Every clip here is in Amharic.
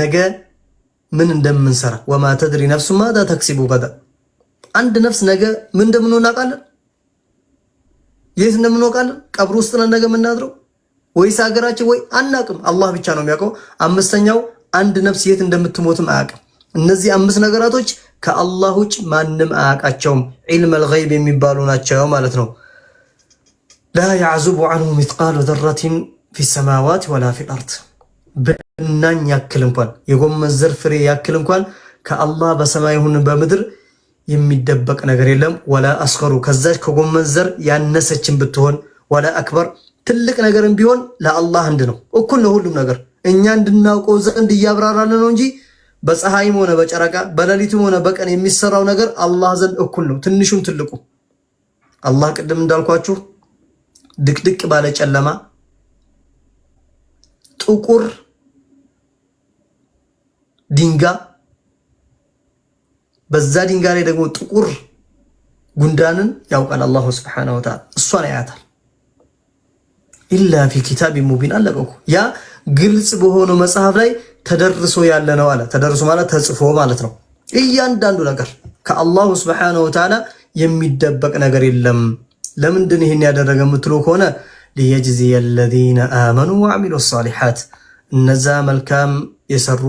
ነገ ምን እንደምንሰራ ወማ ተድሪ ነፍሱ ማዳ ተክሲቡ ገዳ አንድ ነፍስ ነገ ምን እንደምንሆን አውቃለን? የት እንደምንሆን ቀብር ውስጥ ነን ነገ የምናድረው ወይስ ሀገራችን ወይ አናቅም። አላህ ብቻ ነው የሚያውቀው። አምስተኛው አንድ ነፍስ የት እንደምትሞትም አያውቅም። እነዚህ አምስት ነገራቶች ከአላህ ውጭ ማንም አያውቃቸውም። ዒልመል ገይብ የሚባሉ ናቸው ማለት ነው። ላ ያዕዙቡ አንሁ ሚትቃሉ ዘረቲን ፊ ሰማዋት ወላ ፊል አርድ እናኝ ያክል እንኳን የጎመን ዘር ፍሬ ያክል እንኳን ከአላህ በሰማይ ይሁን በምድር የሚደበቅ ነገር የለም። ወላ አስከሩ ከዛች ከጎመን ዘር ያነሰችን ብትሆን ወላ አክበር ትልቅ ነገርም ቢሆን ለአላህ አንድ ነው፣ እኩል ነው ሁሉም ነገር። እኛ እንድናውቀው ዘንድ እያብራራን ነው እንጂ በፀሐይም ሆነ በጨረቃ በሌሊትም ሆነ በቀን የሚሰራው ነገር አላህ ዘንድ እኩል ነው፣ ትንሹም ትልቁ። አላህ ቅድም እንዳልኳችሁ ድቅድቅ ባለ ጨለማ ጥቁር ድንጋ በዛ ድንጋ ላይ ደግሞ ጥቁር ጉንዳንን ያውቃል አላሁ ስብሓነሁ ወተዓላ። እሷን ያያታል። ኢላ ፊ ኪታብ ሙቢን አለቀኩ። ያ ግልጽ በሆነው መጽሐፍ ላይ ተደርሶ ያለ ነው አለ። ተደርሶ ማለት ተጽፎ ማለት ነው። እያንዳንዱ ነገር ከአላሁ ስብሓነሁ ወተዓላ የሚደበቅ ነገር የለም። ለምንድን ይህን ያደረገ የምትሉ ከሆነ ሊየጅዚየ አለዚነ አመኑ ወዐሚሉ ሳሊሓት እነዛ መልካም የሰሩ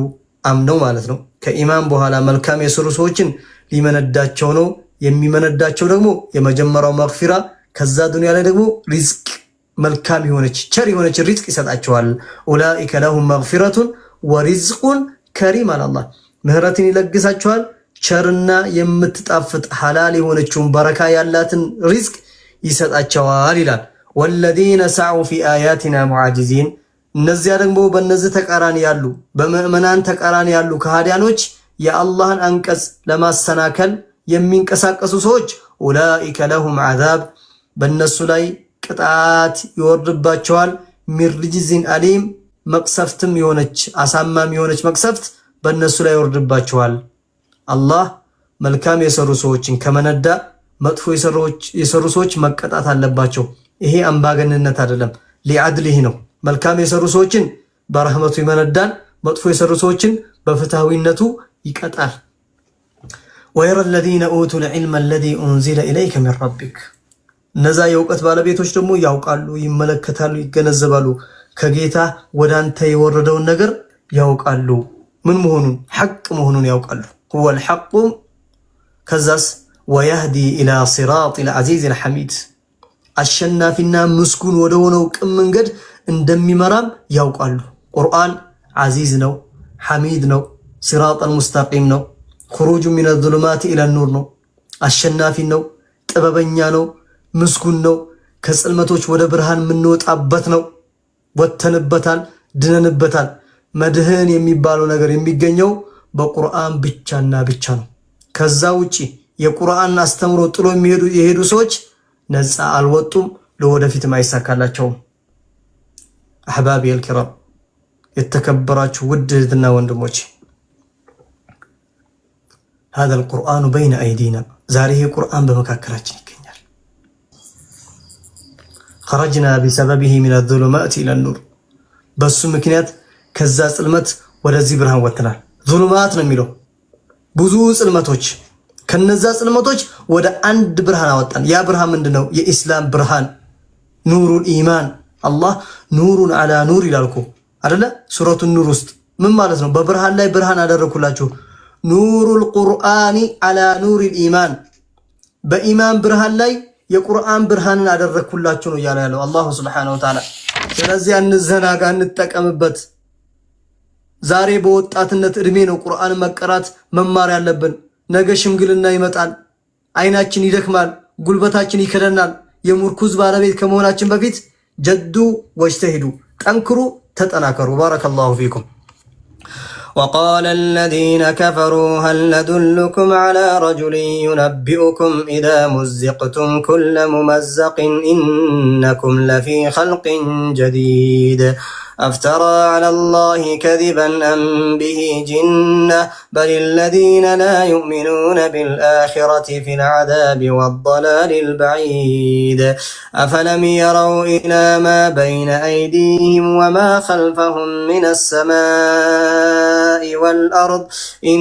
አምነው ማለት ነው። ከኢማን በኋላ መልካም የሰሩ ሰዎችን ሊመነዳቸው ነው። የሚመነዳቸው ደግሞ የመጀመሪያው መግፊራ፣ ከዛ ዱኒያ ላይ ደግሞ ሪዝቅ፣ መልካም የሆነች ቸር የሆነች ሪዝቅ ይሰጣቸዋል። ኡላኢከ ለሁም መግፊረቱን ወሪዝቁን ከሪም አላላ ምህረትን ይለግሳቸዋል። ቸርና የምትጣፍጥ ሐላል የሆነችውን በረካ ያላትን ሪዝቅ ይሰጣቸዋል ይላል። ወለዚነ ሰዑ ፊ አያቲና ሙዓጅዚን እነዚያ ደግሞ በእነዚህ ተቃራኒ ያሉ በምዕመናን ተቃራኒ ያሉ ከሃዲያኖች የአላህን አንቀጽ ለማሰናከል የሚንቀሳቀሱ ሰዎች ኡላኢከ ለሁም ዓዛብ በእነሱ ላይ ቅጣት ይወርድባቸዋል። ሚርጅዝን አሊም መቅሰፍትም የሆነች አሳማም የሆነች መቅሰፍት በእነሱ ላይ ይወርድባቸዋል። አላህ መልካም የሰሩ ሰዎችን ከመነዳ መጥፎ የሰሩ ሰዎች መቀጣት አለባቸው። ይሄ አምባገንነት አይደለም፣ ሊአድልህ ነው። መልካም የሰሩ ሰዎችን በረህመቱ ይመነዳል፣ መጥፎ የሰሩ ሰዎችን በፍትሃዊነቱ ይቀጣል። ወይረ ለዚነ ኡቱል ዒልመ ለዚ ኡንዚለ ኢለይከ ሚን ረቢክ እነዛ የእውቀት ባለቤቶች ደግሞ ያውቃሉ፣ ይመለከታሉ፣ ይገነዘባሉ። ከጌታ ወደ አንተ የወረደውን ነገር ያውቃሉ። ምን መሆኑን ሐቅ መሆኑን ያውቃሉ። ሁወል ሐቁ ከዛስ ወያህዲ ኢላ ሲራጢል ዐዚዚል ሐሚድ አሸናፊና ምስጉን ወደሆነው ቅን መንገድ እንደሚመራም ያውቃሉ። ቁርአን አዚዝ ነው፣ ሐሚድ ነው፣ ሲራጠል ሙስተቂም ነው፣ ኩሩጁ ሚነ ዙሉማት ኢለ ኑር ነው፣ አሸናፊ ነው፣ ጥበበኛ ነው፣ ምስጉን ነው፣ ከጽልመቶች ወደ ብርሃን የምንወጣበት ነው። ወተንበታል፣ ድነንበታል። መድህን የሚባለው ነገር የሚገኘው በቁርአን ብቻና ብቻ ነው። ከዛ ውጪ የቁርአን አስተምሮ ጥሎ የሄዱ ሰዎች ነፃ አልወጡም፣ ለወደፊትም አይሳካላቸውም። አሕባቢ አልኪራም የተከበራችሁ ውድ እህትና ወንድሞች፣ ሀዛ አልቁርአኑ በይነ አይዲና ዛሬ ይህ ቁርአን በመካከላችን ይገኛል። ኸረጅና ቢሰበቢሂ ሚነ ዙሉማት ኢለ ኑር፣ በሱ ምክንያት ከዛ ጽልመት ወደዚህ ብርሃን ወጥተናል። ዙሉማት ነው የሚለው ብዙ ጽልመቶች፣ ከነዛ ጽልመቶች ወደ አንድ ብርሃን አወጣን። ያ ብርሃን ምንድነው? የኢስላም ብርሃን ኑሩል ኢማን አላህ ኑሩን አላ ኑር ይላልኩ አደለ ሱረቱ ሱረቱን ኑር ውስጥ ምን ማለት ነው? በብርሃን ላይ ብርሃን አደረግኩላችሁ። ኑሩል ቁርአኒ አላ ኑሪል ኢማን፣ በኢማን ብርሃን ላይ የቁርአን ብርሃንን አደረግኩላችሁ ነው እያለ ያለው አላሁ ስብሓነሁ ወተዓላ። ስለዚህ አንዘናጋ እንጠቀምበት። ዛሬ በወጣትነት እድሜ ነው ቁርአን መቀራት መማር ያለብን። ነገ ሽምግልና ይመጣል፣ አይናችን ይደክማል፣ ጉልበታችን ይከደናል። የሙርኩዝ ባለቤት ከመሆናችን በፊት جدوا واجتهدوا انكروا تتناكروا بارك الله فيكم وقال الذين كفروا هل ندلكم على رجل ينبئكم إذا مزقتم كل ممزق إنكم لفي خلق جديد أفترى على الله كذبا أم به جنة بل الذين لا يؤمنون بالآخرة في العذاب والضلال البعيد أفلم يروا إلى ما بين أيديهم وما خلفهم من السماء والأرض إن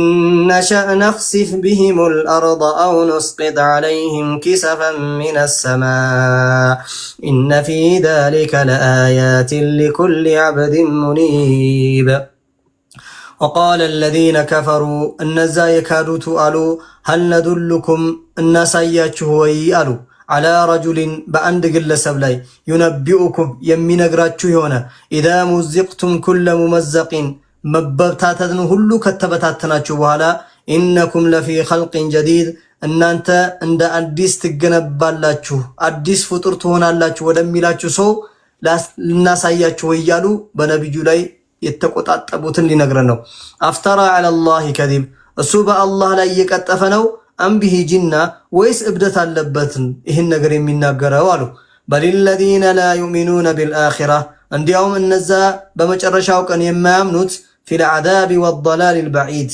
نشأ نخسف بهم الأرض أو نسقط عليهم كسفا من السماء إن في ذلك لآيات لكل عبد منيب وقال الذين كفروا እነዛ የካዱቱ አሉ هل ندلكم እናሳያችሁ ወይ አሉ አላ ረጁሊን በአንድ ግለሰብ ላይ ዩነቢኡኩም የሚነግራችሁ የሆነ ኢዛ ሙዚቅቱም ኩለ ሙመዘቂን መበታተትን ሁሉ ከተበታተናችሁ በኋላ ኢነኩም ለፊ ኸልቅን ጀዲድ እናንተ እንደ አዲስ ትገነባላችሁ፣ አዲስ ፍጡር ትሆናላችሁ ወደሚላችሁ ሰው ልናሳያችሁ ወይ እያሉ በነቢዩ ላይ የተቆጣጠቡትን ሊነግረን ነው። አፍተራ አለላሂ ከዚብ እሱ በአላህ ላይ እየቀጠፈ ነው። አምቢሂ ጂና ወይስ እብደት አለበትን ይህን ነገር የሚናገረው አሉ። በሊለዚነ ላ ዩእሚኑነ ቢልአኺራ እንዲያውም እነዛ በመጨረሻው ቀን የማያምኑት ፊል ዓዛቢ ወደላል ልበዒድ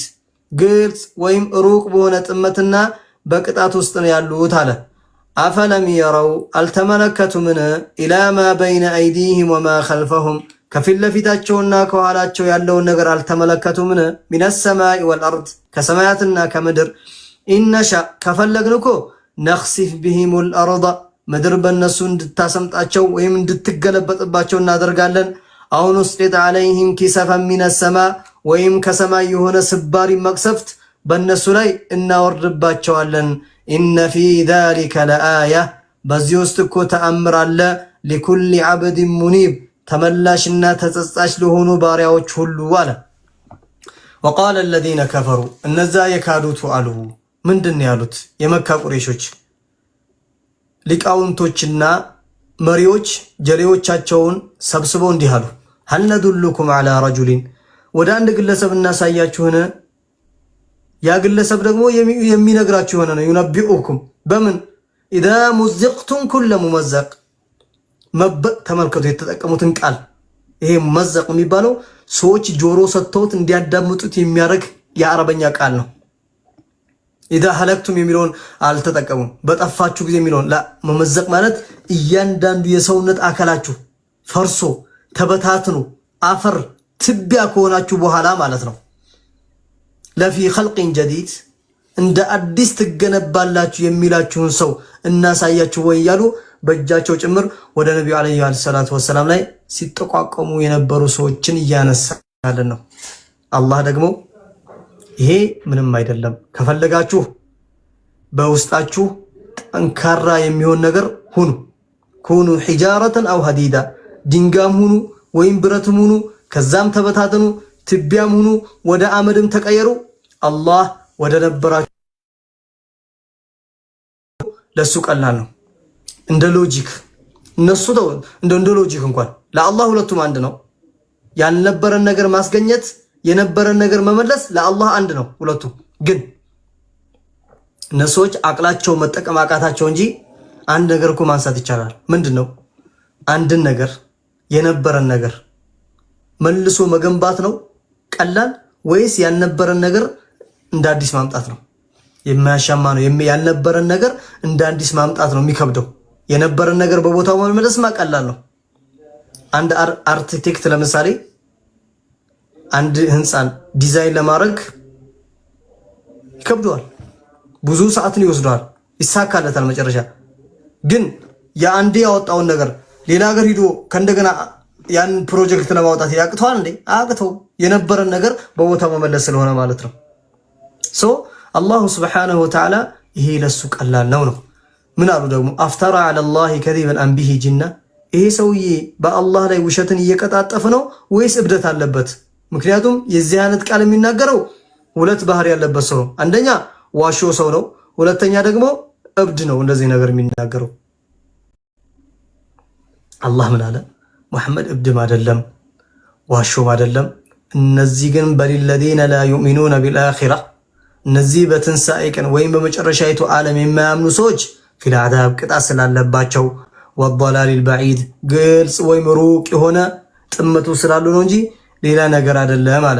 ግልጽ ወይም ሩቅ በሆነ ጥመትና በቅጣት ውስጥ ነው ያሉት አለ። አፈለም የረው አልተመለከቱምን? ኢላ ማ በይነ አይዲህም ወማ ኸልፈሁም ከፊት ለፊታቸውና ከኋላቸው ያለውን ነገር አልተመለከቱምን? ሚነ ሰማይ ወልአርድ ከሰማያትና ከምድር ኢነሻ ከፈለግን እኮ ነኽሲፍ ብሂም ልአርዳ ምድር በእነሱ እንድታሰምጣቸው ወይም እንድትገለበጥባቸው እናደርጋለን። አሁን ውስጢት ዓለይህም ኪሰፈን ሚነ ሰማ ወይም ከሰማይ የሆነ ስባሪ መቅሰፍት በእነሱ ላይ እናወርድባቸዋለን። ኢነ ፊ ዛሊከ ለአያ በዚህ ውስጥ እኮ ተአምር አለ። ሊኩል ዓብድን ሙኒብ ተመላሽና ተጸጻች ለሆኑ ባሪያዎች ሁሉ አለ። ወቃለ አለዚነ ከፈሩ እነዛ የካዱቱ አሉ። ምንድን ያሉት የመካ ቁሬሾች ሊቃውንቶችና መሪዎች ጀሌዎቻቸውን ሰብስበው እንዲህ አሉ። ሀል ነዱልኩም ዓላ ረጁሊን ወደ አንድ ግለሰብ እናሳያችሁን ያ ግለሰብ ደግሞ የሚነግራችሁ የሆነ ነው። ዩነቢኡኩም በምን ኢዛ ሙዚቅቱም ኩለ ሙመዘቅ መበቅ ተመልከቱ፣ የተጠቀሙትን ቃል ይሄ መዘቅ የሚባለው ሰዎች ጆሮ ሰጥተውት እንዲያዳምጡት የሚያደርግ የአረበኛ ቃል ነው። ኢዛ ሀለክቱም የሚለውን አልተጠቀሙም። በጠፋችሁ ጊዜ የሚለውን መመዘቅ ማለት እያንዳንዱ የሰውነት አካላችሁ ፈርሶ ተበታትኑ አፈር ትቢያ ከሆናችሁ በኋላ ማለት ነው። ለፊ ኸልቅን ጀዲድ እንደ አዲስ ትገነባላችሁ የሚላችሁን ሰው እናሳያችሁ ወይ እያሉ በእጃቸው ጭምር ወደ ነቢዩ ዓለይሂ ሰላቱ ወሰላም ላይ ሲጠቋቀሙ የነበሩ ሰዎችን እያነሳለን ነው። አላህ ደግሞ ይሄ ምንም አይደለም፣ ከፈለጋችሁ በውስጣችሁ ጠንካራ የሚሆን ነገር ሁኑ፣ ኩኑ ሒጃረተን አው ሀዲዳ፣ ድንጋም ሁኑ ወይም ብረትም ሁኑ፣ ከዛም ተበታተኑ፣ ትቢያም ሁኑ፣ ወደ አመድም ተቀየሩ አላህ ወደ ነበራችሁ ለሱ ቀላል ነው። እንደ ሎጂክ እነሱ ተው እንደ እንደ ሎጂክ እንኳን ለአላህ ሁለቱም አንድ ነው። ያልነበረን ነገር ማስገኘት፣ የነበረን ነገር መመለስ ለአላህ አንድ ነው ሁለቱም። ግን እነሱዎች አቅላቸው መጠቀም አቃታቸው እንጂ አንድ ነገር እኮ ማንሳት ይቻላል። ምንድን ነው አንድን ነገር የነበረን ነገር መልሶ መገንባት ነው ቀላል ወይስ ያልነበረን ነገር እንደ አዲስ ማምጣት ነው የማያሻማ ነው። ያልነበረን ነገር እንደ አዲስ ማምጣት ነው የሚከብደው። የነበረን ነገር በቦታው መመለስ ማቀላል ነው። አንድ አርክቴክት ለምሳሌ አንድ ህንፃን ዲዛይን ለማድረግ ይከብደዋል፣ ብዙ ሰዓትን ይወስደዋል። ይሳካለታል መጨረሻ ግን የአንዴ ያወጣውን ነገር ሌላ ሀገር ሂዶ ከእንደገና ያን ፕሮጀክት ለማውጣት ያቅተዋል እንዴ? አቅተው የነበረን ነገር በቦታው መመለስ ስለሆነ ማለት ነው። ሶ አላሁ ስብሓነሁ ወተዓላ ይሄ ለሱ ቀላል ነው ነው። ምን አሉ ደግሞ አፍተራ አለላሂ ከዚበን አንቢሂ ጅና፣ ይሄ ሰውዬ በአላህ ላይ ውሸትን እየቀጣጠፈ ነው ወይስ እብደት አለበት? ምክንያቱም የዚህ አይነት ቃል የሚናገረው ሁለት ባህሪ ያለበት ሰው ነው። አንደኛ ዋሾ ሰው ነው፣ ሁለተኛ ደግሞ እብድ ነው። እንደዚህ ነገር የሚናገረው አላህ ምን አለ? ሙሐመድ እብድም አይደለም ዋሾም አይደለም። እነዚህ ግን በሊለዚነ ላ ዩእሚኑነ ቢልአኺራ እነዚህ በትንሣኤ ቀን ወይም በመጨረሻይቱ ዓለም የማያምኑ ሰዎች ፊል ቅጣት ስላለባቸው ወላሊል በዒድ ግልጽ ወይም ሩቅ የሆነ ጥመቱ ስላሉ ነው እንጂ ሌላ ነገር አይደለም አለ።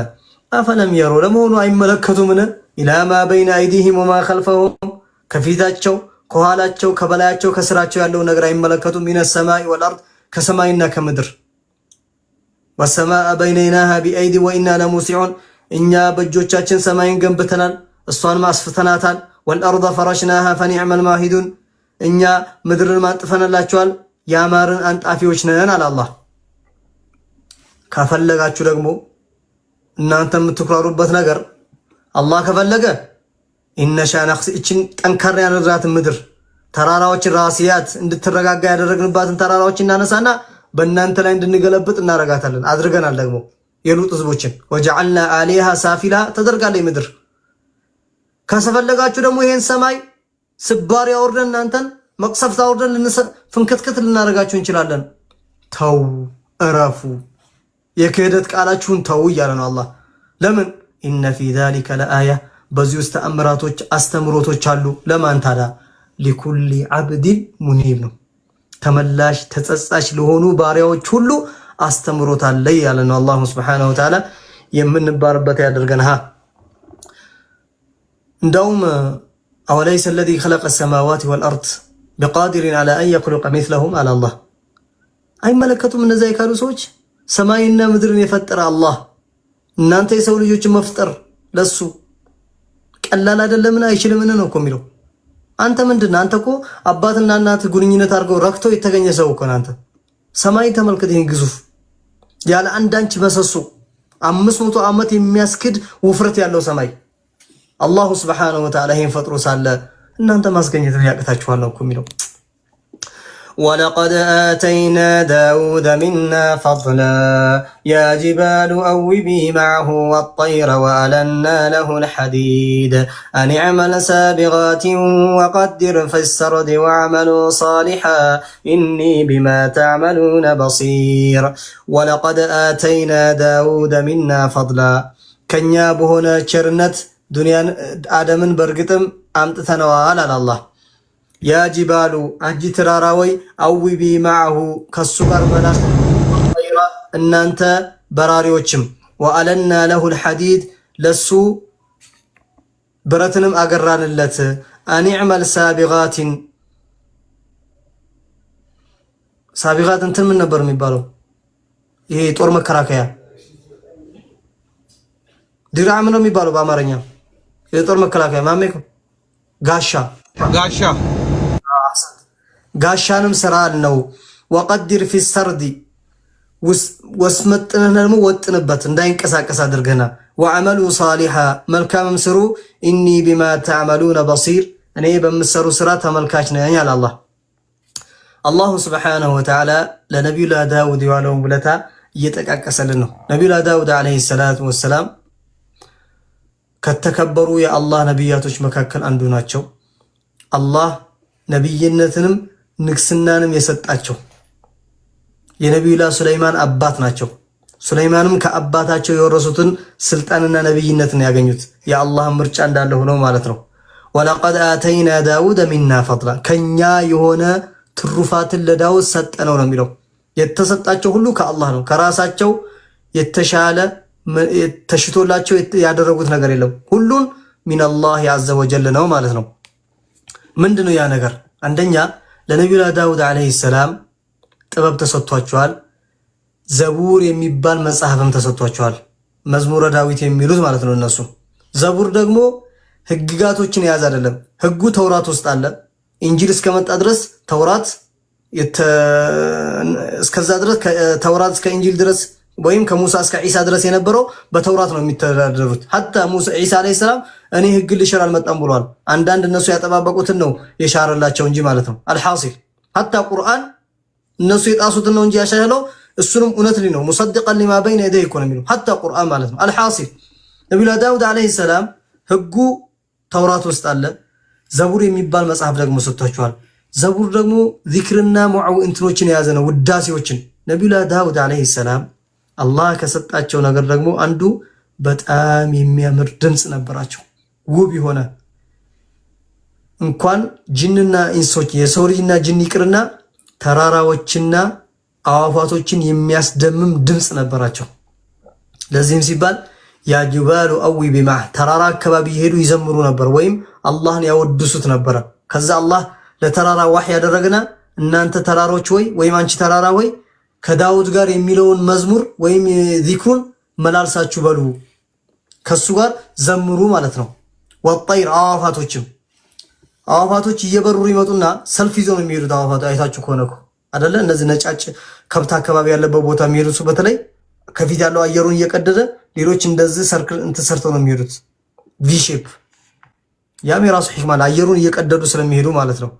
አፈለም የሮ ለመሆኑ አይመለከቱምን? ኢላማ በይነ አይዲህም ወማ ኸልፈሁም ከፊታቸው፣ ከኋላቸው፣ ከበላያቸው፣ ከስራቸው ያለው ነገር አይመለከቱም። ሚነ ሰማይ ወልአርድ ከሰማይና ከምድር ወሰማአ በይነይናሃ ቢአይዲ ወኢና ለሙሲዑን እኛ በእጆቻችን ሰማይን ገንብተናል። እሷንም አስፍተናታል። ወልአርض ፈረሽናሃ ፈኒዕመል ማሂዱን እኛ ምድርን አንጥፈንላችኋል ያማርን አንጣፊዎች ነን አለ አላህ። ከፈለጋችሁ ደግሞ እናንተ የምትኩራሩበት ነገር አላህ ከፈለገ ኢነሻ ነክስ እችን ጠንካራ ያደረግናትን ምድር ተራራዎችን ራስያት እንድትረጋጋ ያደረግንባትን ተራራዎች እናነሳና በእናንተ ላይ እንድንገለብጥ እናረጋታለን። አድርገናል ደግሞ የሉጥ ህዝቦችን ወጀዐልና አሊሃ ሳፊላ ተደርጋለች ምድር ከሰፈለጋችሁ ደግሞ ይሄን ሰማይ ስባሪ አውርደን እናንተን መቅሰፍት አውርደን ፍንክትክት ልናደርጋችሁ እንችላለን። ተው እረፉ፣ የክህደት ቃላችሁን ተው እያለ ነው አላህ። ለምን ኢነ ፊ ዛሊከ ለአያ፣ በዚህ ውስጥ ተአምራቶች አስተምሮቶች አሉ። ለማን ታዳ ሊኩሊ አብዲን ሙኒብ ነው ተመላሽ ተጸጻሽ ለሆኑ ባሪያዎች ሁሉ አስተምሮት አለ እያለ ነው አላሁ ሱብሓነሁ ወተዓላ። የምንባርበት ያደርገን እንዳውም አወለይሰ ለዚ ኸለቀ ሰማዋት ወልአርድ ቢቃዲሪን ዐላ አን የክሉቀ ሚስለሁም አለ አላህ። አይመለከቱም እነዚያ የካዱ ሰዎች ሰማይና ምድርን የፈጠረ አላህ እናንተ የሰው ልጆችን መፍጠር ለሱ ቀላል አይደለምን? አይችልምን ነው እኮ የሚለው። አንተ ምንድን አንተ እኮ አባትና እናት ጉንኝነት አድርገው ረክቶ የተገኘ ሰው እኮ አንተ። ሰማይን ተመልከት፣ ይህን ግዙፍ ያለ አንዳንች መሰሶ አምስት መቶ ዓመት የሚያስክድ ውፍረት ያለው ሰማይ አላሁ ስብሓነሁ ወተዓላ ይህን ፈጥሮ ሳለ እናንተ ማስገኘት ያቅታችኋል ነው እኮ የሚለው። ወለቀድ አተይና ዳውደ ሚና ፈድላ ያ ጅባሉ አውቢ ማዕሁ ወጠይረ ወአለና ለሁ ልሐዲድ አን ዕመል ሳቢጋትን ወቀድር ፊሰርድ ወዕመሉ ሳሊሓ ኢኒ ብማ ተዕመሉነ በሲር ወለቀድ አተይና ዳውደ ሚና ፈድላ ከእኛ በሆነ ቸርነት ዱንያን አደምን በእርግጥም አምጥተነዋል አለ አላህ። ያ ጂባሉ አንቺ ተራራወይ አዊቢ ማዕሁ ከሱ ጋር መላስ እናንተ በራሪዎችም ወአለና ለሁል ልሐዲድ ለሱ ብረትንም አገራንለት አኒዕመል ሳቢጋትን ሳቢጋት እንትን ምን ነበር የሚባለው? ይሄ ጦር መከላከያ ድራም ነው የሚባለው በአማርኛ የጦር መከላከያ ማሜ ጋሻ ጋሻ ጋሻንም ስራ ነው። ወቀድር ፊ ሰርዲ ወስመጥነህ ደግሞ ወጥንበት እንዳይንቀሳቀስ አድርገና ወአመሉ ሳሊሐ መልካምም ስሩ። ኢኒ ቢማ ተዕመሉነ በሲር እኔ በምሰሩ ስራ ተመልካች ነኝ አለ አላህ። አላሁ ስብሓነሁ ወተዓላ ለነቢዩላህ ዳውድ የዋለውን ውለታ እየጠቃቀሰልን ነው። ነቢዩላህ ዳውድ ዓለይሂ ሰላቱ ወሰላም ከተከበሩ የአላህ ነቢያቶች መካከል አንዱ ናቸው። አላህ ነቢይነትንም ንግስናንም የሰጣቸው የነቢዩላ ሱለይማን አባት ናቸው። ሱለይማንም ከአባታቸው የወረሱትን ስልጣንና ነቢይነትን ያገኙት የአላህ ምርጫ እንዳለ ሆኖ ማለት ነው። ወለቀድ አተይና ዳውድ ሚና ፈጥላ ከኛ የሆነ ትሩፋትን ለዳውድ ሰጠነው ነው የሚለው። የተሰጣቸው ሁሉ ከአላህ ነው። ከራሳቸው የተሻለ ተሽቶላቸው ያደረጉት ነገር የለም። ሁሉም ሚንላህ ያዘ ወጀል ነው ማለት ነው። ምንድን ነው ያ ነገር? አንደኛ ለነቢዩላ ዳውድ ዓለይሂ ሰላም ጥበብ ተሰጥቷቸዋል። ዘቡር የሚባል መጽሐፍም ተሰጥቷቸዋል። መዝሙረ ዳዊት የሚሉት ማለት ነው እነሱ። ዘቡር ደግሞ ህግጋቶችን የያዝ አይደለም። ህጉ ተውራት ውስጥ አለ። ኢንጂል እስከመጣ ድረስ ተውራት እስከዛ ድረስ ተውራት እስከ ኢንጂል ድረስ ወይም ከሙሳ እስከ ዒሳ ድረስ የነበረው በተውራት ነው የሚተዳደሩት። ሀታ ሙሳ ዒሳ አለይሂ ሰላም እኔ ህግ ልሽር አልመጣም ብሏል። አንዳንድ እነሱ ያጠባበቁትን ነው የሻረላቸው እንጂ ማለት ነው። አልሐሲል ሐታ ቁርአን እነሱ የጣሱትን ነው እንጂ ያሻሻለው እሱንም እውነት ነው። ሙሰድቀን ሊማ በይነ የደይ እኮ ነው የሚለው ሐታ ቁርአን ማለት ነው። አልሐሲል ነቢዩላህ ዳውድ አለይሂ ሰላም ህጉ ተውራት ውስጥ አለ። ዘቡር የሚባል መጽሐፍ ደግሞ ሰጥቷቸዋል። ዘቡር ደግሞ ዚክርና ሙዓው እንትኖችን የያዘ ነው፣ ውዳሴዎችን ነቢዩላህ ዳውድ አለይሂ ሰላም አላህ ከሰጣቸው ነገር ደግሞ አንዱ በጣም የሚያምር ድምፅ ነበራቸው። ውብ የሆነ እንኳን ጅንና ኢንሶች የሰው ልጅና ጅን ይቅርና ተራራዎችና አዋፋቶችን የሚያስደምም ድምፅ ነበራቸው። ለዚህም ሲባል ያጅባሉ አዊ ቢማ ተራራ አካባቢ ይሄዱ ይዘምሩ ነበር፣ ወይም አላህን ያወድሱት ነበረ። ከዛ አላህ ለተራራ ዋህ ያደረግና እናንተ ተራሮች ወይ ወይም አንቺ ተራራ ወይ ከዳውድ ጋር የሚለውን መዝሙር ወይም ዚክሩን መላልሳችሁ በሉ ከሱ ጋር ዘምሩ ማለት ነው። ወጣይር አዋፋቶችም አዋፋቶች እየበሩ ይመጡና ሰልፍ ይዘው ነው የሚሄዱት። አይታችሁ ከሆነ እኮ አይደለ እነዚህ ነጫጭ ከብት አካባቢ ያለበት ቦታ የሚሄዱ እሱ በተለይ ከፊት ያለው አየሩን እየቀደደ ሌሎች እንደዚህ ሰርክል እንትን ሰርተው ነው የሚሄዱት ቪ ሼፕ። ያም የራሱ ሕክማ አየሩን እየቀደዱ ስለሚሄዱ ማለት ነው።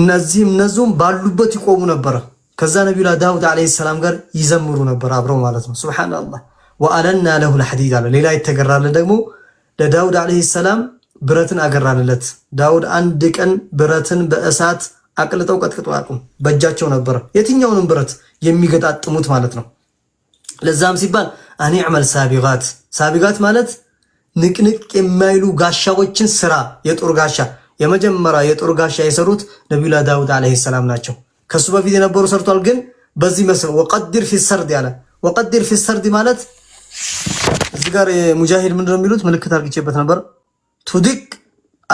እነዚህም እነዚሁም ባሉበት ይቆሙ ነበረ። ከዛ ነቢዩላ ዳውድ ዓለይሂ ሰላም ጋር ይዘምሩ ነበር አብረው ማለት ነው። ሱብሓነላህ ወአለና ለሁ ልሐዲድ አለ። ሌላ ይተገራልን ደግሞ ለዳውድ ዓለይሂ ሰላም ብረትን አገራለለት። ዳውድ አንድ ቀን ብረትን በእሳት አቅልጠው ቀጥቅጦ አያውቁም። በእጃቸው ነበር የትኛውንም ብረት የሚገጣጥሙት ማለት ነው። ለዛም ሲባል አኒዕመል ሳቢጋት፣ ሳቢጋት ማለት ንቅንቅ የማይሉ ጋሻዎችን ስራ። የጦር ጋሻ የመጀመሪያ የጦር ጋሻ የሰሩት ነቢዩላ ዳውድ ዓለይሂ ሰላም ናቸው። ከሱ በፊት የነበሩ ሰርቷል። ግን በዚህ መሰረት ወቀድር ፊ ሰርድ ያለ ወቀድር ፊ ሰርድ ማለት እዚህ ጋር ሙጃሂድ ምንድነው የሚሉት ምልክት አርግቼበት ነበር። ቱድቅ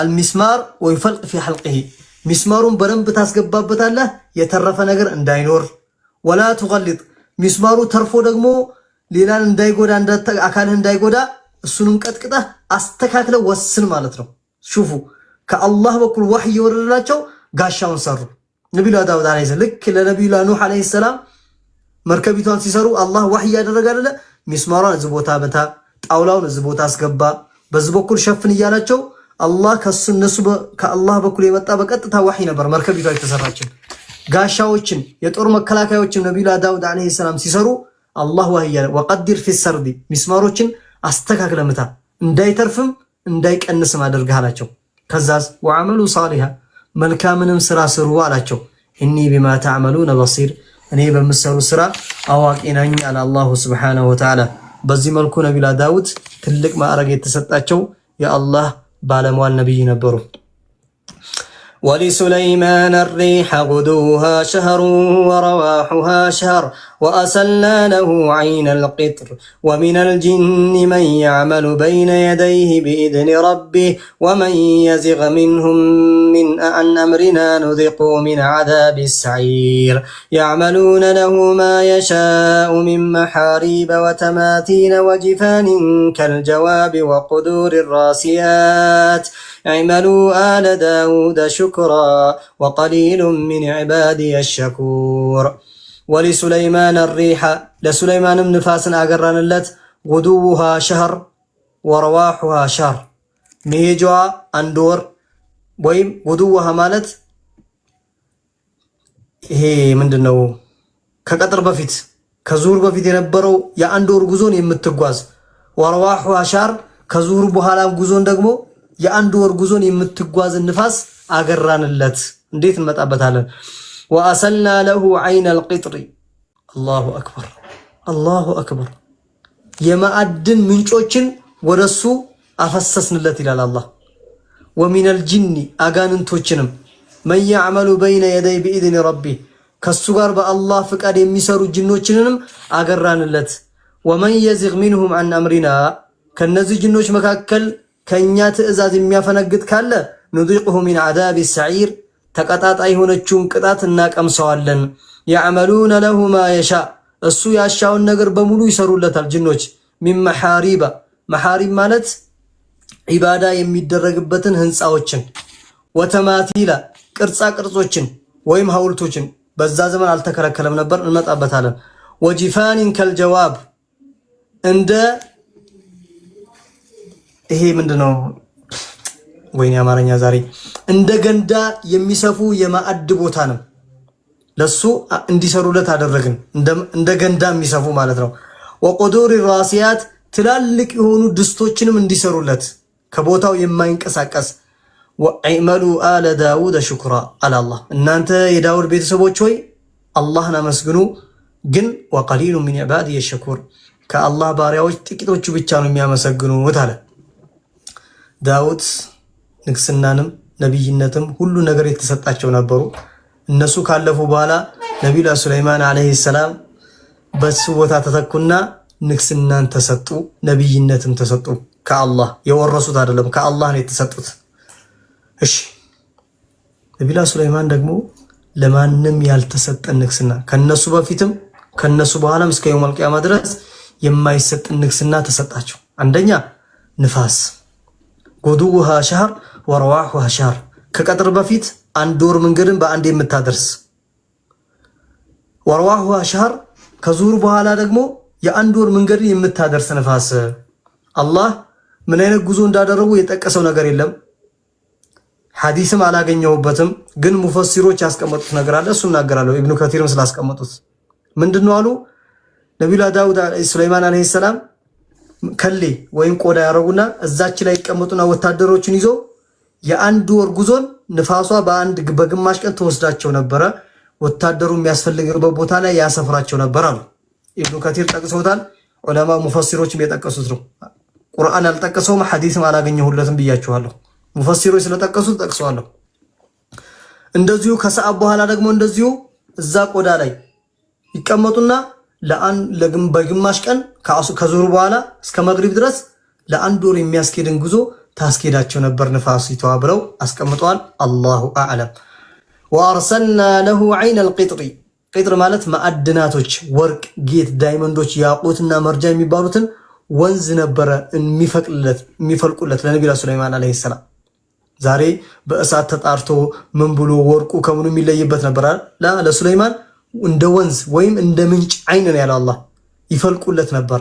አልሚስማር ወይፈልቅ ፈልቅ ፊ ሐልቅሂ ሚስማሩን በደንብ ታስገባበታለህ፣ የተረፈ ነገር እንዳይኖር። ወላ ትቀልጥ ሚስማሩ ተርፎ ደግሞ ሌላን እንዳይጎዳ አካልህ እንዳይጎዳ እሱንም ቀጥቅጠህ አስተካክለ ወስን ማለት ነው። ሹፉ ከአላህ በኩል ዋህይ የወረደላቸው ጋሻውን ሰሩ። ነቢዩ ዳውድ አለይሂ ሰላም ልክ ለነቢዩ ኑህ አለይሂ ሰላም መርከቢቷን ሲሰሩ አላህ ዋህይ እያደረገ አለ ሚስማሯን እዚህ ቦታ መታ፣ ጣውላውን እዚህ ቦታ አስገባ፣ በዚህ በኩል ሸፍን እያላቸው አላህ ከሱ እነሱ ከአላህ በኩል የመጣ በቀጥታ ዋህይ ነበር መርከቢቷ የተሰራችን። ጋሻዎችን የጦር መከላከያዎችን ነቢዩ ዳውድ አለይሂ ሰላም ሲሰሩ አላህ ዋህ እያለ ወቀዲር ፊ ሰርዲ ሚስማሮችን አስተካክለምታ እንዳይተርፍም እንዳይቀንስም አላቸው። ከዛዝ ወዐመሉ ሳሊሃ መልካምንም ስራ ስሩ አላቸው። እኒ ቢማ ተዕመሉነ በሲር እኔ በምሰሩ ስራ አዋቂ ነኝ አለ አላሁ ስብሓነሁ ወተዓላ። በዚህ መልኩ ነቢላ ዳውድ ትልቅ ማዕረግ የተሰጣቸው የአላህ ባለሟል ነቢይ ነበሩ። ወሊሱለይማን ሪሐ ጉዱሃ ሸህሩ ወረዋሑሃ ሸህር وأسلنا له عين القطر ومن الجن من يعمل بين يديه بإذن ربه ومن يزغ منهم من عن أمرنا نذقه من عذاب السعير يعملون له ما يشاء من محاريب وتماثيل وجفان كالجواب وقدور الراسيات اعملوا آل داود شكرا وقليل من عبادي الشكور ወሊሱለይማን ሪሃ ለሱለይማንም ንፋስን አገራንለት። ጉዱውሃ ሸህር ወረዋሑሃ ሸህር መሄጃዋ አንድ ወር ወይም ጉዱውሃ ማለት ይሄ ምንድን ነው? ከቀጥር በፊት ከዙር በፊት የነበረው የአንድ ወር ጉዞን የምትጓዝ ወረዋሑሃ ሸህር ከዙር በኋላ ጉዞን ደግሞ የአንድ ወር ጉዞን የምትጓዝ ንፋስ አገራንለት። እንዴት እንመጣበታለን? ወአሰልና ለሁ ዓይነል ቅጥሪ። አላሁ አክበር አላሁ አክበር። የማዕድን ምንጮችን ወደሱ አፈሰስንለት ይላል አላህ። ወሚነል ጅኒ አጋንንቶችንም መን ያዕመሉ በይነ የደይ ብኢዝኒ ረቢ ከሱ ጋር በአላህ ፍቃድ የሚሰሩ ጅኖችንንም አገራንለት። ወመን የዚግ ሚንሁም አን አምሪና ከነዚህ ጅኖች መካከል ከእኛ ትእዛዝ የሚያፈነግጥ ካለ ኑዚቅሁ ሚን ዓዛቢ ሰዒር ተቀጣጣይ የሆነችውን ቅጣት እናቀምሰዋለን። ያዕመሉነ ለሁ ማ የሻ እሱ ያሻውን ነገር በሙሉ ይሰሩለታል። ጅኖች ሚን መሐሪባ መሐሪብ ማለት ኢባዳ የሚደረግበትን ህንፃዎችን፣ ወተማቲላ ቅርጻ ቅርጾችን ወይም ሀውልቶችን በዛ ዘመን አልተከለከለም ነበር፣ እንመጣበታለን። ወጂፋኒን ከልጀዋብ እንደ ይሄ ምንድነው ወይኔ አማርኛ ዛሬ እንደ ገንዳ የሚሰፉ የማዕድ ቦታ ነው። ለሱ እንዲሰሩለት አደረግን። እንደ ገንዳ የሚሰፉ ማለት ነው። ወቆዶሪ ራሲያት ትላልቅ የሆኑ ድስቶችንም እንዲሰሩለት ከቦታው የማይንቀሳቀስ ወአይመሉ አለ ዳውድ ሽኩራ አላላህ እናንተ የዳውድ ቤተሰቦች ሆይ አላህን አመስግኑ። ግን ወቀሊሉ ምን ዕባድ የሸኩር ከአላህ ባሪያዎች ጥቂቶቹ ብቻ ነው የሚያመሰግኑት አለ ዳውድ ንግስናንም ነቢይነትም ሁሉ ነገር የተሰጣቸው ነበሩ። እነሱ ካለፉ በኋላ ነቢዩላ ሱለይማን ዓለይሂ ሰላም በሱ ቦታ ተተኩና ንግስናን ተሰጡ፣ ነቢይነትም ተሰጡ። ከአላህ የወረሱት አይደለም፣ ከአላህ ነው የተሰጡት። እሺ ነቢላ ሱለይማን ደግሞ ለማንም ያልተሰጠን ንግስና ከነሱ በፊትም ከነሱ በኋላም እስከ የውም ቂያማ ድረስ የማይሰጥን ንግስና ተሰጣቸው። አንደኛ ንፋስ ጎዱሃ ሻህር ወረዋሕ ወሻር ከቀጥር በፊት አንድ ወር መንገድን በአንድ የምታደርስ ወረዋሕ ወሻር ከዙር በኋላ ደግሞ የአንድ ወር መንገድን የምታደርስ ንፋስ አላህ ምን አይነት ጉዞ እንዳደረጉ የጠቀሰው ነገር የለም። ሐዲስም አላገኘሁበትም፣ ግን ሙፈሲሮች ያስቀመጡት ነገር አለ። እሱ እናገራለሁ። ኢብኑ ከቲርም ስላስቀመጡት ምንድነው አሉ ነቢላ ዳውድ ሱለይማን አለይሂ ሰላም ከሌ ወይም ቆዳ ያደረጉና እዛች ላይ ይቀመጡና ወታደሮችን ይዘው የአንድ ወር ጉዞን ንፋሷ በአንድ በግማሽ ቀን ትወስዳቸው ነበረ። ወታደሩ የሚያስፈልግበት ቦታ ላይ ያሰፍራቸው ነበር አሉ። ኢብኑ ከቲር ጠቅሰውታል። ዑለማ ሙፈሲሮችም የጠቀሱት ነው። ቁርአን አልጠቀሰውም፣ ሐዲስም አላገኘሁለትም ብያችኋለሁ። ሙፈሲሮች ስለጠቀሱት ጠቅሰዋለሁ። እንደዚሁ ከሰዓት በኋላ ደግሞ እንደዚሁ እዛ ቆዳ ላይ ይቀመጡና በግማሽ ቀን ከዙሩ በኋላ እስከ መግሪብ ድረስ ለአንድ ወር የሚያስኬድን ጉዞ ታስኬዳቸው ነበር ንፋሲቷ ብለው አስቀምጠዋል። አላሁ አዕለም። ወአርሰልና ለሁ ዓይን አልቅጥሪ ቅጥር ማለት ማዕድናቶች ወርቅ፣ ጌጥ፣ ዳይመንዶች፣ ያቁትና መርጃ የሚባሉትን ወንዝ ነበረ የሚፈልቁለት ለነቢላ ሱለይማን ዓለይሂ ሰላም። ዛሬ በእሳት ተጣርቶ ምን ብሎ ወርቁ ከምኑ የሚለይበት ነበር። ለሱለይማን እንደ ወንዝ ወይም እንደ ምንጭ ዓይን ነው ያለው አላህ። ይፈልቁለት ነበረ።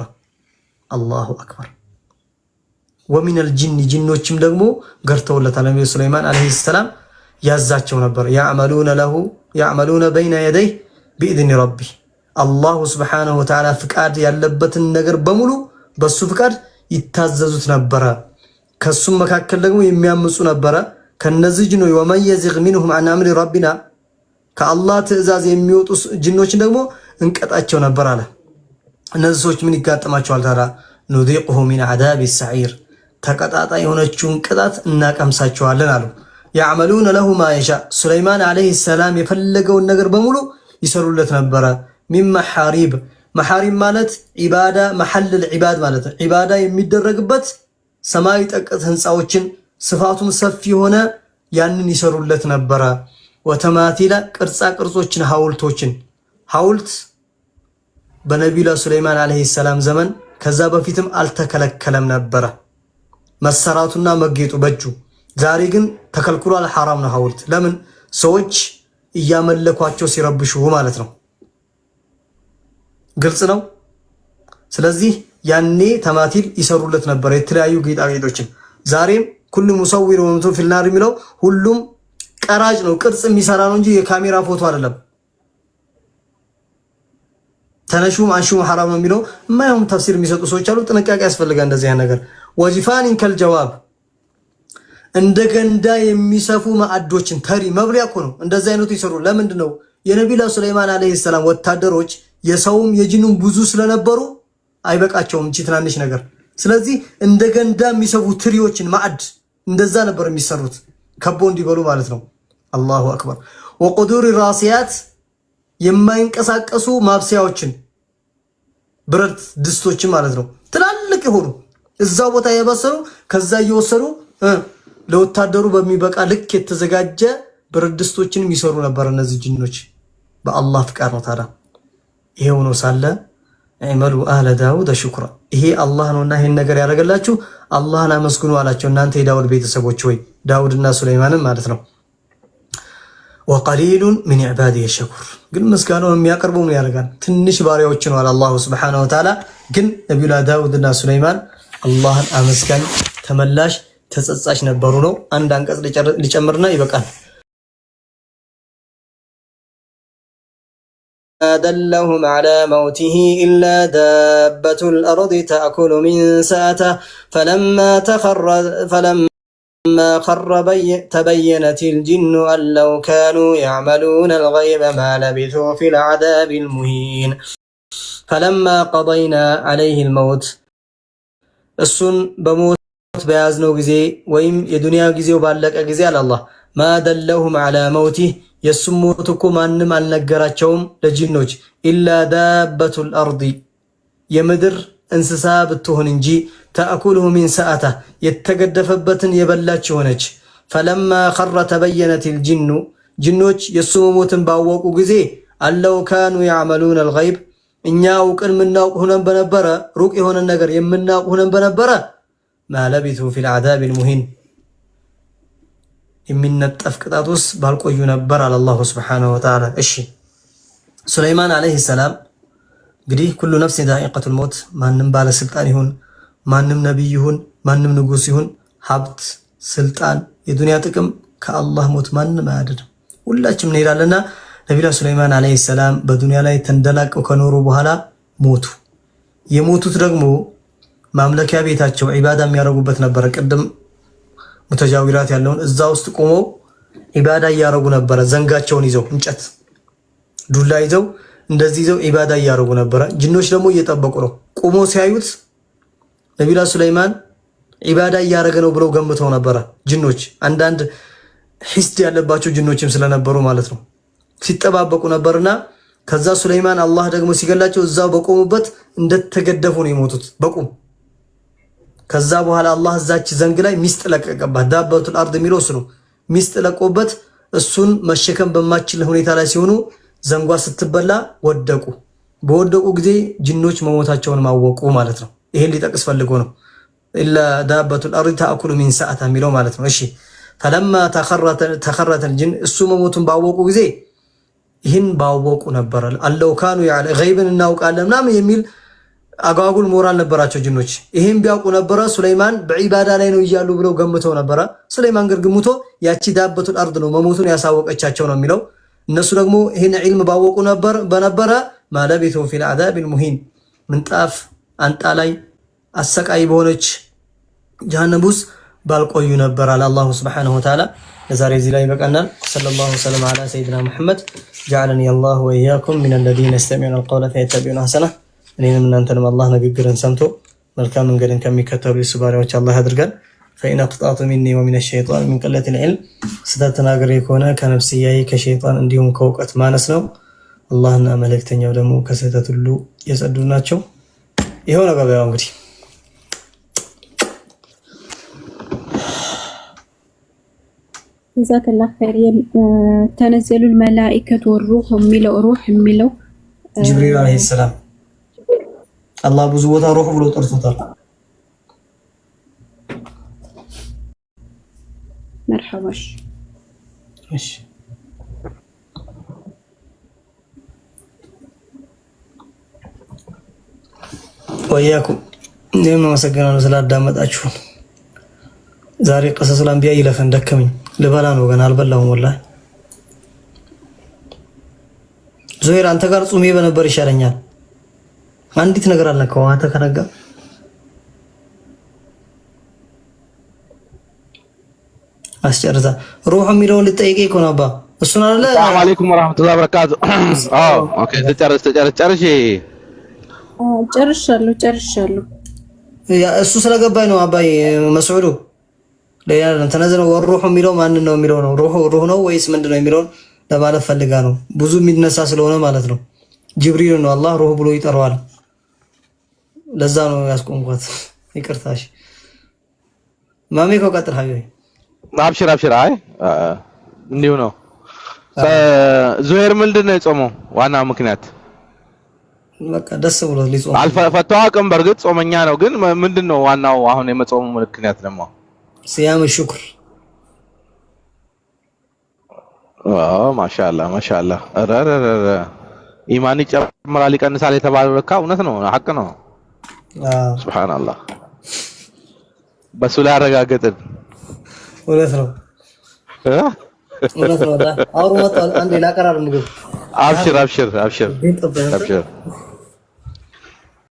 አላሁ አክበር ወሚነል ጂን ጂኖችም ደግሞ ገርተውለታል። ነቢዩ ሱለይማን ዓለይሂ ሰላም ያዛቸው ነበር። ያዕመሉነ በይነ የደይህ ቢኢዝኒ ረቢ አላሁ ስብሓነሁ ወተዓላ ፍቃድ ያለበትን ነገር በሙሉ በሱ ፍቃድ ይታዘዙት ነበረ። ከሱም መካከል ደግሞ የሚያምፁ ነበረ። ከነዚህ ጅኖች ወመን የዚግ ሚንሁም አን አምሪ ረቢና ከአላህ ትእዛዝ የሚወጡ ጅኖችን ደግሞ እንቀጣቸው ነበር አለ። እነዚህ ሰዎች ምን ይጋጥማቸዋል ታዲያ? ኑዚቁሁ ሚን ዓዛቢ ሰዒር ተቀጣጣ የሆነችውን ቅጣት እናቀምሳቸዋለን አሉ። ያዕመሉነ ለሁ ማየሻ ሱለይማን ዓለይሂ ሰላም የፈለገውን ነገር በሙሉ ይሰሩለት ነበረ። ሚን መሐሪብ መሐሪብ ማለት ዒባዳ መሐል ልዒባድ ማለት ነው። ዒባዳ የሚደረግበት ሰማይ ጠቀስ ህንፃዎችን ስፋቱም ሰፊ የሆነ ያንን ይሰሩለት ነበረ። ወተማቲላ ቅርጻ ቅርጾችን፣ ሐውልቶችን ሐውልት በነቢዩላ ሱለይማን ዓለይሂ ሰላም ዘመን ከዛ በፊትም አልተከለከለም ነበረ። መሰራቱና መጌጡ በእጁ ዛሬ ግን ተከልክሏል። ሐራም ነው ሐውልት ለምን ሰዎች እያመለኳቸው ሲረብሹ ማለት ነው። ግልጽ ነው። ስለዚህ ያኔ ተማቲል ይሰሩለት ነበር የተለያዩ ጌጣጌጦችን። ዛሬም ኩሉ ሙሰዊር ወንቱ ፊልናር የሚለው ሁሉም ቀራጭ ነው፣ ቅርጽ የሚሰራ ነው እንጂ የካሜራ ፎቶ አይደለም። ተነሹም አንሹም ሐራም ነው የሚለው ማየውም ተፍሲር የሚሰጡ ሰዎች አሉ። ጥንቃቄ ያስፈልጋል እንደዚህ ነገር ወጅፋኒን ከልጀዋብ እንደ ገንዳ የሚሰፉ ማዕዶችን ተሪ መብሪያ እኮ ነው። እንደዚህ አይነቱ ይሰሩ። ለምንድን ነው የነቢላው ሱለይማን አለይሂ ሰላም ወታደሮች የሰውም የጂኑም ብዙ ስለነበሩ አይበቃቸውም እንጂ ትናንሽ ነገር። ስለዚህ እንደ ገንዳ የሚሰፉ ትሪዎችን ማዕድ እንደዛ ነበር የሚሰሩት ከቦ እንዲበሉ ማለት ነው። አላሁ አክበር። ወቁዱሪ ራሲያት የማይንቀሳቀሱ ማብሰያዎችን ብረት ድስቶችን ማለት ነው ትላልቅ የሆኑ እዛው ቦታ የበሰሩ ከዛ እየወሰዱ ለወታደሩ በሚበቃ ልክ የተዘጋጀ ብረት የሚሰሩ ነበር እነዚህ ጅኖች። በአላህ ፍቃድ ነው። ታዲያ ይሄ ሆኖ ሳለ መሉ አህለ ዳውድ ሽኩራ፣ ይሄ አላህ ነውና ይሄን ነገር ያደረገላችሁ አላህን አመስግኑ አላቸው። እናንተ የዳውድ ቤተሰቦች ወይ ዳውድና ሱለይማንን ማለት ነው። ወቀሊሉን ምን ዕባድ የሸኩር ግን ምስጋናውን የሚያቀርበው ምን ያደርጋል? ትንሽ ባሪያዎች ነው አላህ ሱብሓነሁ ወተዓላ ግን ነቢዩላ ዳውድና ሱለይማን الله አላህን አመስጋኝ ተመላሽ ተጸጻሽ ነበሩ ነው። አንድ አንቀጽ ሊጨምርና ይበቃል። دلهم على موته إلا دابة الأرض تأكل من سأته فلما تخر فلما خر بي تبينت الجن أن لو كانوا يعملون الغيب ما لبثوا في العذاب المهين فلما قضينا عليه الموت እሱን በሞት በያዝነው ጊዜ ወይም የዱንያ ጊዜው ባለቀ ጊዜ አለ ማደለሁም ዐላ መውቲህ የእሱም ሞት እኮ ማንም አልነገራቸውም ለጂኖች ኢላ ዳበቱል አርዲ የምድር እንስሳ ብትሆን እንጂ ተአኩልሁ ሚን ሰአታ የተገደፈበትን የበላች ሆነች። ፈለማ ኸረ ተበየነት ልጅኑ ጅኖች የእሱ ሞትን ባወቁ ጊዜ አለው ካኑ ያዕመሉን አልገይብ እኛ እውቅን የምናውቅ ሁነን በነበረ ሩቅ የሆነን ነገር የምናውቅ ሁነን በነበረ ማለቢቱ ፊል አዛቢል ሙሂን የሚነጠፍ ቅጣት ውስጥ ባልቆዩ ነበር አለ አላሁ ሱብሓነሁ ወተዓላ። እሺ ሱለይማን ዓለይሂ ሰላም እንግዲህ ኩሉ ነፍስ ዛኢቀቱል ሞት፣ ማንም ባለስልጣን ይሁን ማንም ነቢይ ይሁን ማንም ንጉስ ይሁን ሀብት፣ ስልጣን፣ የዱንያ ጥቅም ከአላህ ሞት ማንም አያድንም። ሁላችንም እንሄዳለንና ነቢላ ሱለይማን ዓለይሂ ሰላም በዱንያ ላይ ተንደላቀው ከኖሩ በኋላ ሞቱ። የሞቱት ደግሞ ማምለኪያ ቤታቸው ዒባዳ የሚያደርጉበት ነበረ። ቅድም ሙተጃዊራት ያለውን እዛ ውስጥ ቆሞ ዒባዳ እያደረጉ ነበረ። ዘንጋቸውን ይዘው እንጨት ዱላ ይዘው እንደዚህ ይዘው ዒባዳ እያደረጉ ነበረ። ጅኖች ደግሞ እየጠበቁ ነው። ቆሞ ሲያዩት ነቢላ ሱለይማን ዒባዳ እያደረገ ነው ብለው ገምተው ነበረ ጅኖች። አንዳንድ ሂስድ ያለባቸው ጅኖችም ስለነበሩ ማለት ነው ሲጠባበቁ ነበርና ከዛ ሱለይማን አላህ ደግሞ ሲገላቸው እዛው በቆሙበት እንደተገደፉ ነው የሞቱት በቁም ከዛ በኋላ አላህ እዛች ዘንግ ላይ ሚስጥ ለቀቀባት ዳበቱል አርድ የሚለው ነው ሚስጥ ለቆበት እሱን መሸከም በማችል ሁኔታ ላይ ሲሆኑ ዘንጓ ስትበላ ወደቁ በወደቁ ጊዜ ጅኖች መሞታቸውን ማወቁ ማለት ነው ይሄን ሊጠቅስ ፈልጎ ነው ኢላ ዳበቱል አርድ ተአኩሉ ሚን ሰዓታ የሚለው ማለት ነው እሺ ፈለማ ተኸረተ ጅን እሱ መሞቱን ባወቁ ጊዜ ይህን ባወቁ ነበረ። አለው ካኑ ገይብን እናውቃለን ምናምን የሚል አጓጉል ሞራል ነበራቸው ጅኖች። ይህን ቢያውቁ ነበረ ሱለይማን በዒባዳ ላይ ነው እያሉ ብለው ገምተው ነበረ። ሱለይማን ገርግሙቶ ያቺ ዳበቱን አርድ ነው መሞቱን ያሳወቀቻቸው ነው የሚለው። እነሱ ደግሞ ይህን ዒልም ባወቁ ነበር በነበረ ማለቤቶ ፊል አዛቢል ሙሂን ምንጣፍ ላይ አሰቃይ በሆነች ጀሃነም ውስጥ ባልቆዩ ነበር አለ አላሁ ስብሓነሁ ወተዓላ። ለዛሬ እዚህ ላይ ይበቃናል። ሰለላሁ ወሰለም አላ ሰይድና ሙሐመድ። ጀዐለኒ አላሁ ወኢያኩም ሚነ ለዚነ የስተሚዑነ አልቀውለ ፈየተቢዑነ አሕሰነህ። እኔንም እናንተንም አላህ ንግግርን ሰምቶ መልካም መንገድን ከሚከተሉ የእሱ ባሪያዎች አላህ አድርገን። ፈኢን አቅጣዕቱ ሚኒ ወሚነ ሸይጣን ሚን ቅለቲል ዒልም፣ ስህተት ተናግሬ ከሆነ ከነፍስያዬ ከሸይጣን እንዲሁም ከእውቀት ማነስ ነው። አላህና መልእክተኛው ደግሞ ከስህተት ሁሉ የጸዱ ናቸው። ይኸው ነው ገበያው እንግዲህ جزاك الله خير آه، تنزل الملائكة والروح ميلو روح ميلو جبريل عليه السلام الله بزوة روح بلو ترسو مرحبا ወያኩም እንደምን አመሰግናለሁ ስላዳመጣችሁን زاري قصص ስላም ቢያ ይለፈን ደከመኝ ልበላ ነው ገና አልበላሁም። ወላሂ ዞሄር አንተ ጋር ጹሜ በነበር ይሻለኛል። አንዲት ነገር አለ አንተ ከነጋ አስጨርሳ ሩህ የሚለውን ልጠይቀ ይኮን አባ እሱን አለ ሰላም አለይኩም ወራህመቱላሂ ወበረካቱ። አዎ ኦኬ፣ ተጨርስ ተጨርስ ጨርሽ። ጨርሻለሁ ጨርሻለሁ። እሱ ስለገባኝ ነው አባይ መስዑዱ ሌላ ነው። ተነዘለ ወሩሁ የሚለው ማን ነው የሚለው ነው? ሩሁ ሩህ ነው ወይስ ምንድን ነው የሚለውን ለማለት ፈልጋ ነው። ብዙ የሚነሳ ስለሆነ ማለት ነው። ጅብሪል ነው አላህ ሩህ ብሎ ይጠራዋል። ለዛ ነው ያስቆምኳት። ይቅርታሽ ማሜ። እኮ ቀጥል ሀቢቢ። አብሽር አብሽር። አይ እንዲሁ ነው። ዙሄር ምንድን ነው የጾመው ዋና ምክንያት? በቃ ደስ ብሎ ሊጾም አልፈታው አቅም። በእርግጥ ጾመኛ ነው፣ ግን ምንድን ነው ዋናው አሁን የመጾሙ ምክንያት ደግሞ ስያም ሹክር ማሻላ ማሻላ ረረረ ኢማን ይጨምራል ይቀንሳል የተባለ ለካ እውነት ነው፣ ሀቅ ነው። ሱብሃንአላህ በሱ ላይ አረጋገጥን። እውነት ነው፣ እውነት ነው። አውሩ መጥቷል። አንዴ ላቀራር ምግብ አብሽር፣ አብሽር፣ አብሽር፣ አብሽር